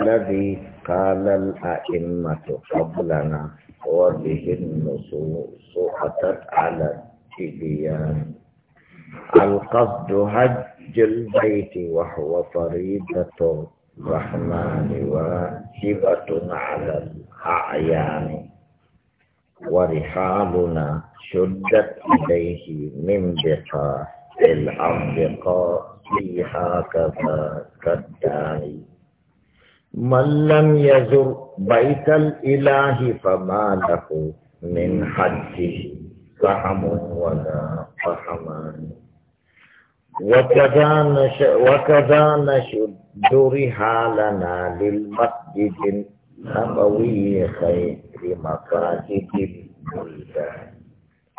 الذي قال الأئمة قبلنا وبه النصوص أتت على التبيان القصد هج البيت وهو فريضة الرحمن واجبة على الأعيان ورحالنا شدت إليه من بقاع الأرض فيها هكذا كالداعي من لم يزر بيت الإله فما له من حجه فحم ولا فحمان وكذا نش وكذا نشد رحالنا للمسجد النبوي خير مقاصد البلدان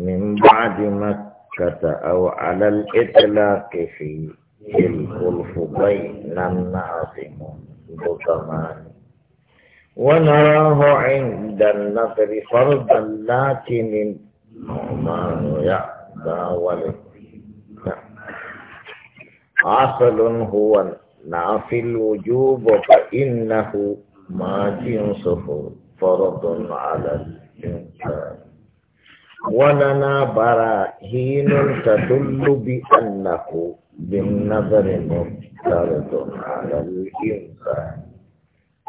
من بعد مكة أو على الإطلاق في الخلف بين الناظمون بطمان ونراه عند النظر فرضا لكن النعمان يعبى وله عسل هو نافي الوجوب فإنه ما جنسه فرض على الإنسان ولنا براهين تدل بأنه بالنظر مفترض على الإنسان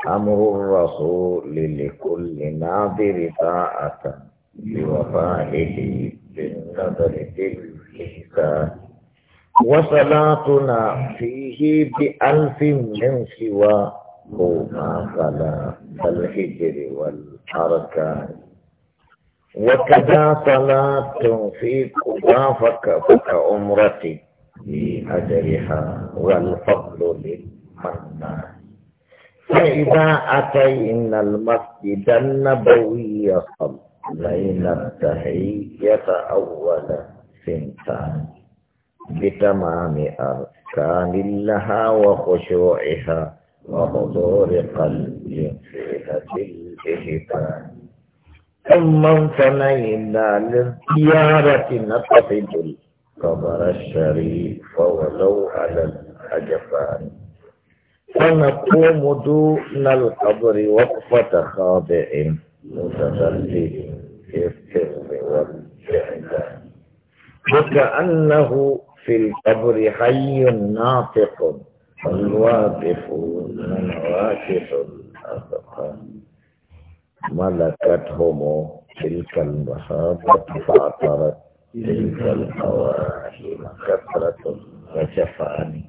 أمر الرسول لكل ناظر طاعة بوفائه بالنظر بالإحسان وصلاتنا فيه بألف من سوى ما فلا الهجر والأركان وكذا صلاة في فك فكأمرتي في أجرها والفضل للمنان فإذا أتينا المسجد النبوي صلينا التحية أولا سنتان بتمام أركان لها وخشوعها وحضور قلب في الإهتمام ثم انثنينا للزيارة نقصد قبر الشريف ولو على الحجفان فنقوم دون القبر وقفة خاضع متذلل في السر والجعلان وكأنه في القبر حي ناطق والواقف من واقف الأذقان ملكتهم تلك المحابة فاعترت تلك الفواحي كثرة وجفان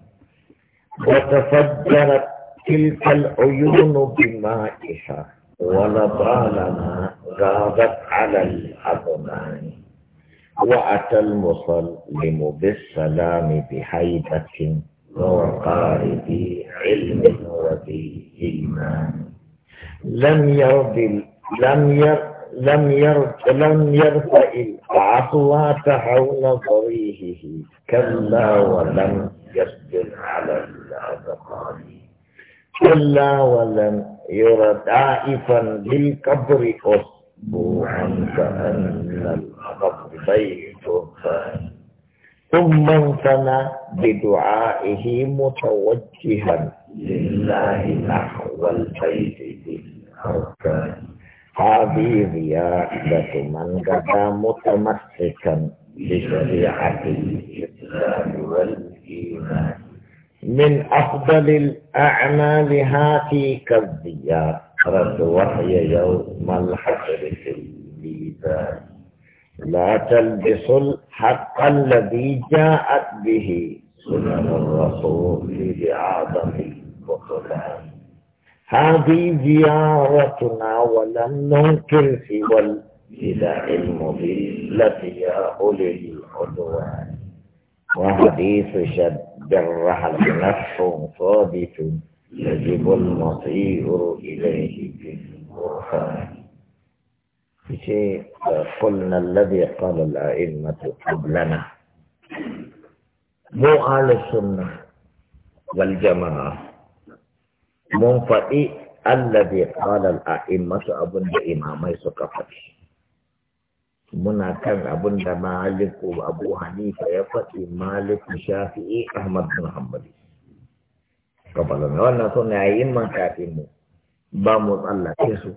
وتفجرت تلك العيون بمائها ولطالما غابت على الأبنان وأتى المسلم بالسلام بهيبة ووقار ذي علم وذي إيمان لم يرد لم يرد لم يرفع لم يرفع الأصوات حول صريحه كلا ولم يسجد على الأذقان كلا ولم ير دائفا للقبر أسبوعا كأن القبر بيت ثم انثنى بدعائه متوجها لله نحو البيت بالأركان هذه زيادة من غدا متمسكا بشريعة الإسلام والإيمان من أفضل الأعمال هاتي رد وحي يوم الحشر في الميزان لا تلبسوا الحق الذي جاءت به سنن الرسول لعظم البطلان هذه زيارتنا ولم ننكر سوى والبلاء المضلة يا أولي العدوان وحديث شد الرحل النفس ثابت يجب المصير إليه بالبرهان شيء قلنا الذي قال الأئمة قبلنا مو أهل السنة والجماعة mun faɗi allah bai al masu abun da imamai suka faɗi muna kan abin da maliku abu hanifa ya faɗi maliku shafi'i ahmad bin hanbali kafalan wannan sun yi man kafin mu ba mu tsallake su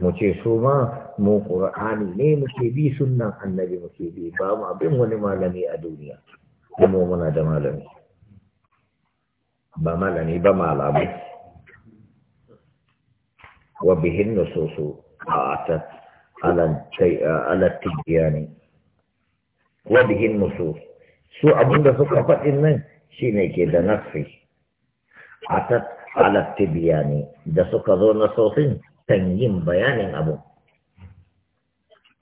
mu ce su ma mu ƙura'ani ne muke bi sunnan annabi muke bi ba mu abin wani malami a duniya kuma muna da malami بمالني بمالاب وبه النصوص آتت على الشيء على التبيان وبه النصوص سوء أبن دفق فقط إنه شيني كذا دنقفي آتت على التبيان دسوك ذو نصوص تنجيم بيان أبو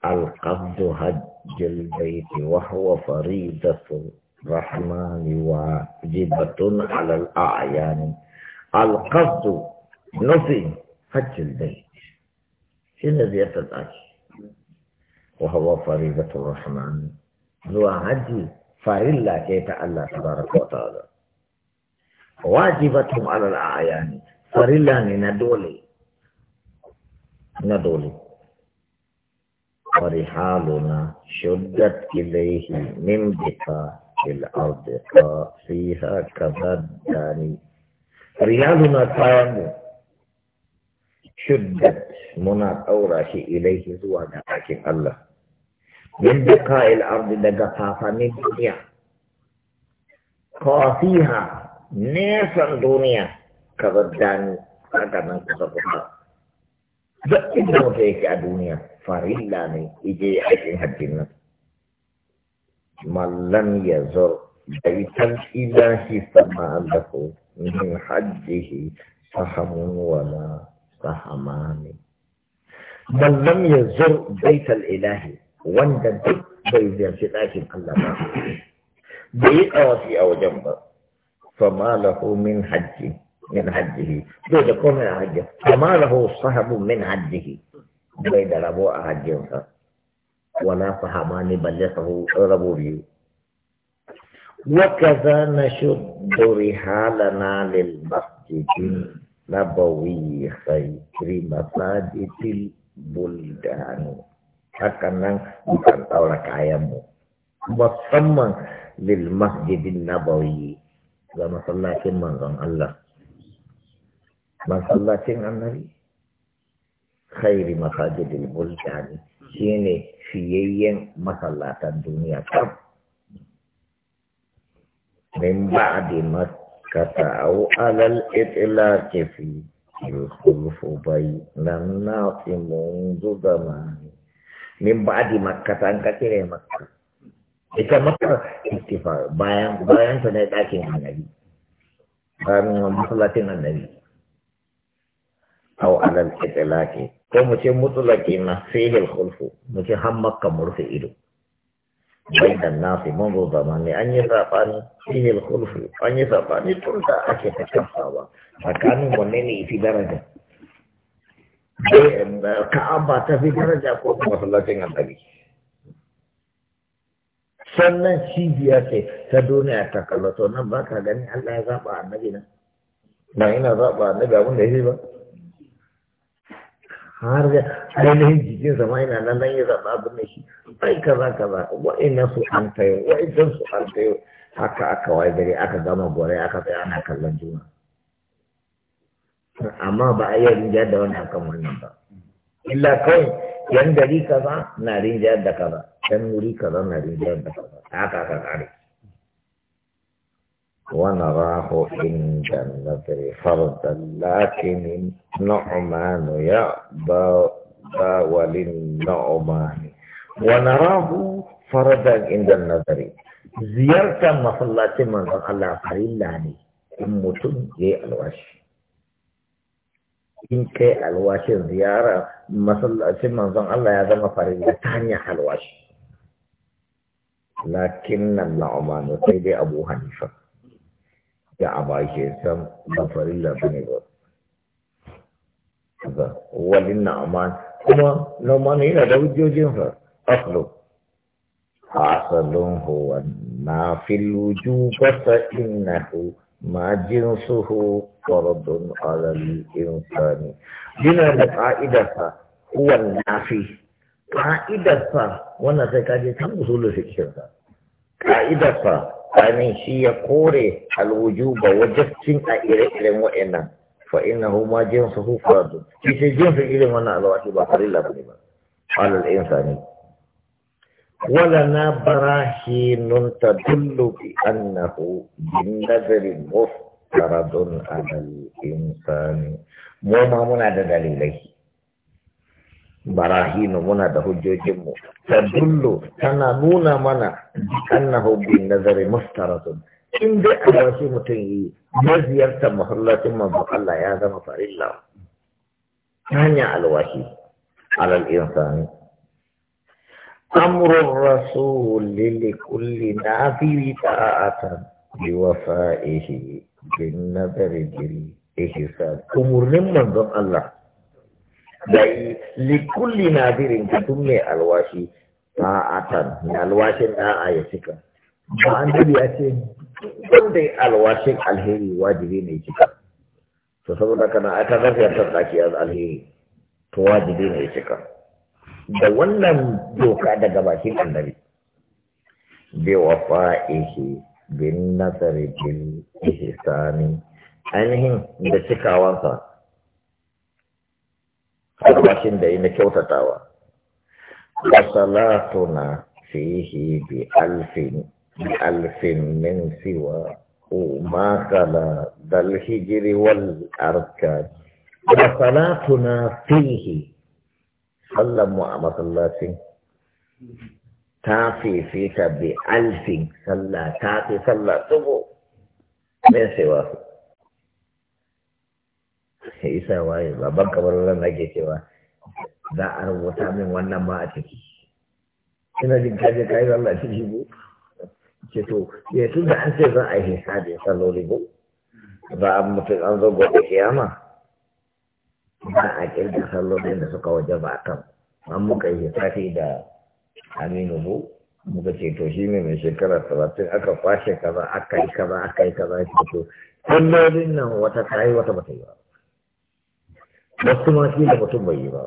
القبض هج البيت وهو فريضه الرحمن واجبة على الأعيان القصد نفي حج البيت شنو زيادة الأجر وهو فريضة الرحمن هو حج فريلا كيف الله تبارك وتعالى واجبة على الأعيان فريلا ندولي ندولي ورحالنا شدت إليه من بقاء في الأرض فيها كذا داني يعني ريالنا قائم شدت منا أورا إليه زوانا لكن الله من بقاء الأرض لقفافة من دنيا قاسيها ناسا دنيا كذا داني أكنا كذا duk inda mutum yake a duniya farilla ne ije من لم يزر بيت الإله فما له من حجه سهم ولا سهمان من لم يزر بيت الإله وند دك بيت لكن الله بيت أوسي أو جنب فما له من حجه من حجه دو كون حجه فما له صهب من حجه بيت ربو حجه ولا صحبان بل ربو بيو وكذا نشد رحالنا للمسجد نبوي خير مساجد البلدان hakanan bukan taura kayamu musamman lil masjidin nabawi ga masallacin manzon Allah masallacin annabi khairi masajidil bulkani shine fiyayyen masallatan duniya kam min ba'di makkata aw alal itlaqi fi الخلف بين الناس منذ زمان من بعد مكة أنك كيري مكة ita maka istighfar bayan bayan ta ne dakin annabi bayan masallatin annabi aw alal itlaqi ko mu ce mutulaki na fihil khulfu mu ce hammakka mu rufe ido bai da nasi mun zo zamani an yi safani fihil khulfu an yi safani tun da ake ta kafawa tsakanin wanne ne fi daraja eh, ka'aba ta fi daraja ko kuma sallacin annabi sannan cibiya ce ta duniya ta kallato nan ba ka gani Allah ya zaɓa annabi nan ba ina zaɓa annabi abin da ya ba har ainihin jikin zama yana nan nan ya zaɓa abin da shi bai kaza kaza wa'ina su an tayo wa'ina su an tayo haka aka waye gari aka gama gore aka tsaye ana kallon juna amma ba a iya rinjiyar da wani akan wannan ba illa kai yan gari kaza na rinjiyar da kaza yan wuri kaza na rinjiyar da kaza haka aka kare ونراه إن جنته فردا لكن النعمان يأبى وللنعمان ونراه فردا عند النظر زيارة مصلاة من قال قال لاني إمتن جي إن كي الوش زيارة مصلاة من قال الله يزم فريلا تاني الوش لكن النعمان سيدي أبو هنيفة ya a bashi san ba farilla ba ne ba walin na aman kuma noman yana da hujjojin fa aslo asalun huwa na filu jubata innahu ma jinsuhu faradun alal insani yana da ka'idarsa huwa nafi ka'idarsa wannan sai Amin shi ya kore alwuju ba wajen a ire-iren wa'annan fa ina huma jin su hukura su ki sai jinsu su irin wannan alwashi ba kare labari ba alal insani wala na barahi nun ta dullu bi annahu bin nazari mustaradun alal insani mu ma muna da dalilai براهين منا ده جوجم تدل تنا نونا منا أنه بالنظر مفترض إن ده أرسي متنجي مزيار تمحلة ما بقى الله يا ذا مطار الله هنيا الوحي على الإنسان أمر الرسول لكل نبي طاعة بوفائه بالنظر بالإحسان أمر لمن ضم الله da likulli nadirin ka tun mai alwashi ta'atan mai alwashin da'a ya cika ba an dabi ya ce wanda ya alwashin alheri wajibi ne cika to saboda kana aka zafiya ta tsaki alheri to wajibi ne cika da wannan doka daga bakin annabi bi wafa'ihi bin nasari bin ihsani ainihin da cikawansa albashin da yi na kyautatawa wasalatuna fihi bi alfin bi alfin min siwa ma kala dal hijri wal arkan wasalatuna fihi sallan mu a masallacin ta fi fifita bi alfin sallata ta fi sallah tsubo min siwa isa waye baban kamar wannan nake cewa za a rubuta min wannan ma a ciki ina jin kaje kai Allah shi ko ce to ya tun da an ce za a yi hisabi salloli ko ba a mutu an zo gobe kiyama ba a kirga sallolin da suka waje ba a kan an muka yi hisabi da aminu bu muka ce to shi ne mai shekara talatin aka kwashe kaza aka yi kaza aka yi kaza ce to sallolin nan wata kayi wata bata yi ba wasu ma shi da mutum bai yi ba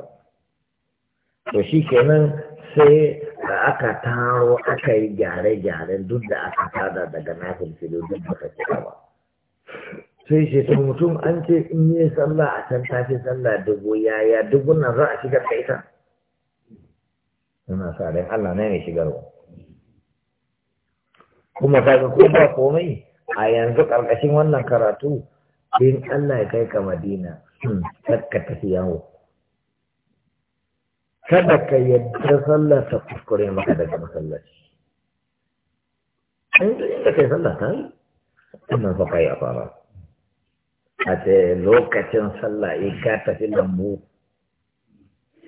to shi kenan sai da aka taro aka yi gyare gyare duk da aka tada daga nafin filo duk da kake ba sai shi to mutum an ce in yi sallah a can tafi sallah dubu yaya dubun nan za a shigar da ita ina sa ran Allah ne shigarwa kuma kaga ko ba komai a yanzu karkashin wannan karatu in Allah ya kai ka Madina Hmm, kakka tafi yawo kada ka yadda sallah ta kuskure maka daga masallaci inda kai sallah ta yi wannan fa kai a fara a ce lokacin sallah in ka tafi lambu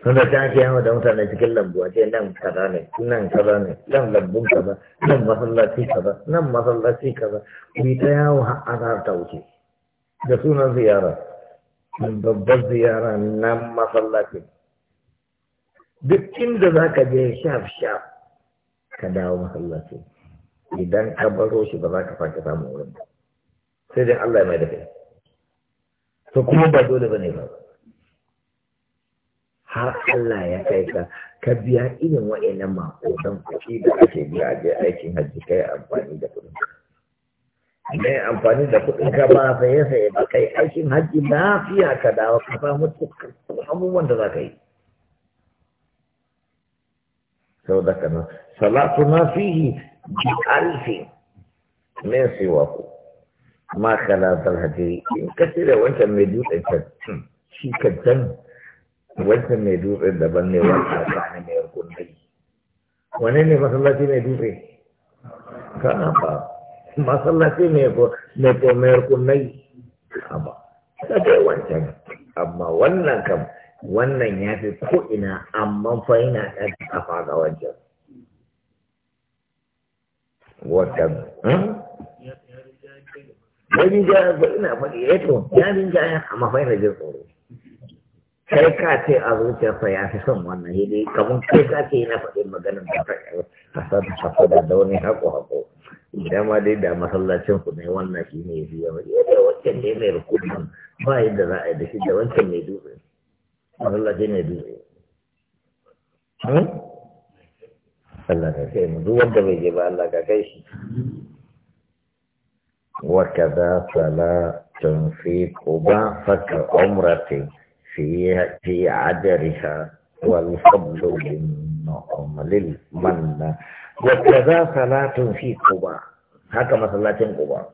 sun da ta ake yawa da mutane cikin lambu a ce nan kaza ne nan kaza ne nan lambun kaza nan masallaci kaza nan masallaci kaza ku yi ta yawo har azhar ta wuce da sunan ziyara babbar ziyara na masallacin duk inda za ka je shaf shaf ka dawo masallaci idan ka baro shi ba za ka sake samun wurin ba sai dai Allah ya mai da kai to kuma ba dole bane ba har Allah ya kai ka ka biya irin wa'annan maƙodan kuɗi da ake biya a je aikin hajji kai amfani da kuɗin ka mai amfani da kuɗin ka ba saye saye ba kai aikin hajji lafiya ka dawo ka samu abubuwan da za ka yi sau da kana salatu na fihi bi alfi min siwaku ma kala zalhajiri in ka cire wancan mai dutsen ka hmm, shi ka can wancan mai dutsen daban ne ka ne mai rukun Wane ne masallaci mai dutse na ba masallaci mai komayar kunai kaba ta dai wancan amma wannan kam wannan ya fi ko'ina amma fa yana ɗan kafa ga wancan watan wani hmm? ja ga ina faɗi ya eh to ya bin ja amma fa yana jin tsoro kai ka ce a zuciyarsa ya fi son wannan hidi kamar kai ka ce yana faɗin maganin da ta ƙasar da da wani haƙo-haƙo Idan dama dai da masallacin ku ne wannan shi ne biya mai yadda eh, wancan ne mai rukunin, ba yadda za a yi da shi da wancan mai dutse masallacin mai dutse hmm? Allah ka kai mu duk wanda bai je ba Allah ka kai shi wa kaza tun fi quba fa umrati fi ya fi ajriha wal fadlu min wa kaza salatun fi quba haka masallacin quba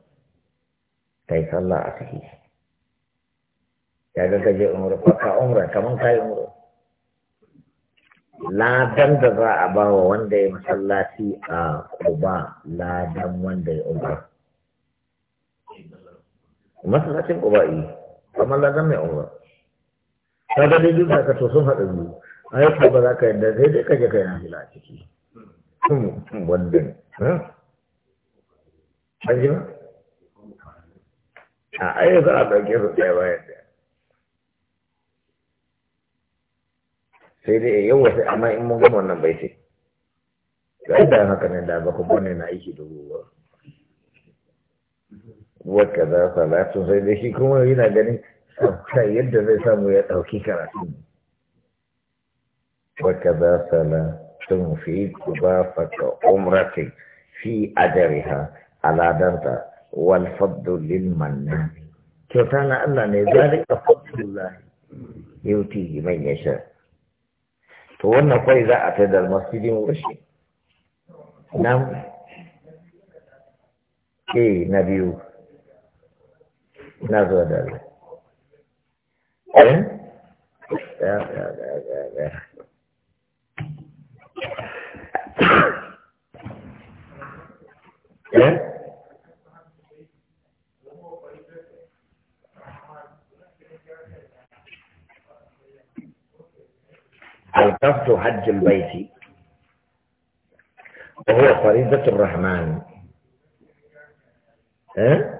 kai كيف a أتيه kaga ka je umra ko ka umra kaman kai yi umra ladan da za a ba wa wanda ya masallaci a kuba ladan wanda ya umra masallacin quba yi eh. Amma ladan mai umra kaga dai duk da ka to sun haɗa biyu aiki ba za ka yadda sai dai ka je kai na fila a ciki wanda ne an ji ba a aiki za a ɗauke su ɗaya bayan yadda. sai dai eh, yau wasu amma in mun gama wannan bai ce ga da haka ne da ba ku bane na aiki dubu ba wakaza salatu sai dai shi kuma yana ganin yadda zai samu ya ɗauki karatu وكذا صلاة في إضافة عمرك في أجرها على درجة والفضل للمنان كتان أن ذلك فضل الله يؤتيه من يشاء تقولنا فإذا أتدى المسجد مبشر نعم كي إيه نبيو نازو ذلك إيه؟ لا لا لا لا لا ايه القصد حج البيت وهو فريضة الرحمن ها؟ ايه؟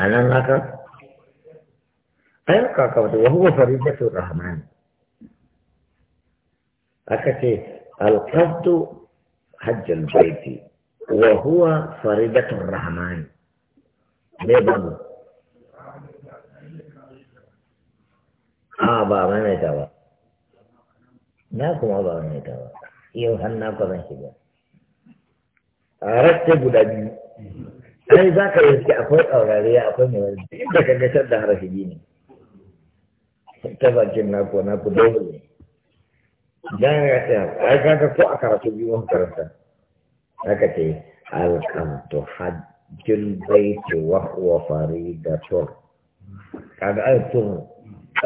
أنا قصد أنا قصد وهو فريضة الرحمن أكتب القصد حج البيت وهو فريضة الرحمن لبن آه، آبا من يتوى ناكم آبا من يوحنا قرن شبا أردت بلد أنا ذاك أو غالية أخوي مولد إذا كان يسد دهر في جيني dan ya ce ai kaga ko a karatu biyu mun karanta haka ce alqamtu hajjil baiti wa huwa faridatun kaga ai tun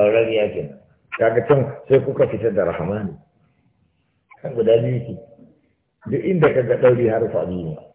auren yake kaga tun sai kuka fitar da rahmani kan guda biyu ki duk inda kaga dauri harfa biyu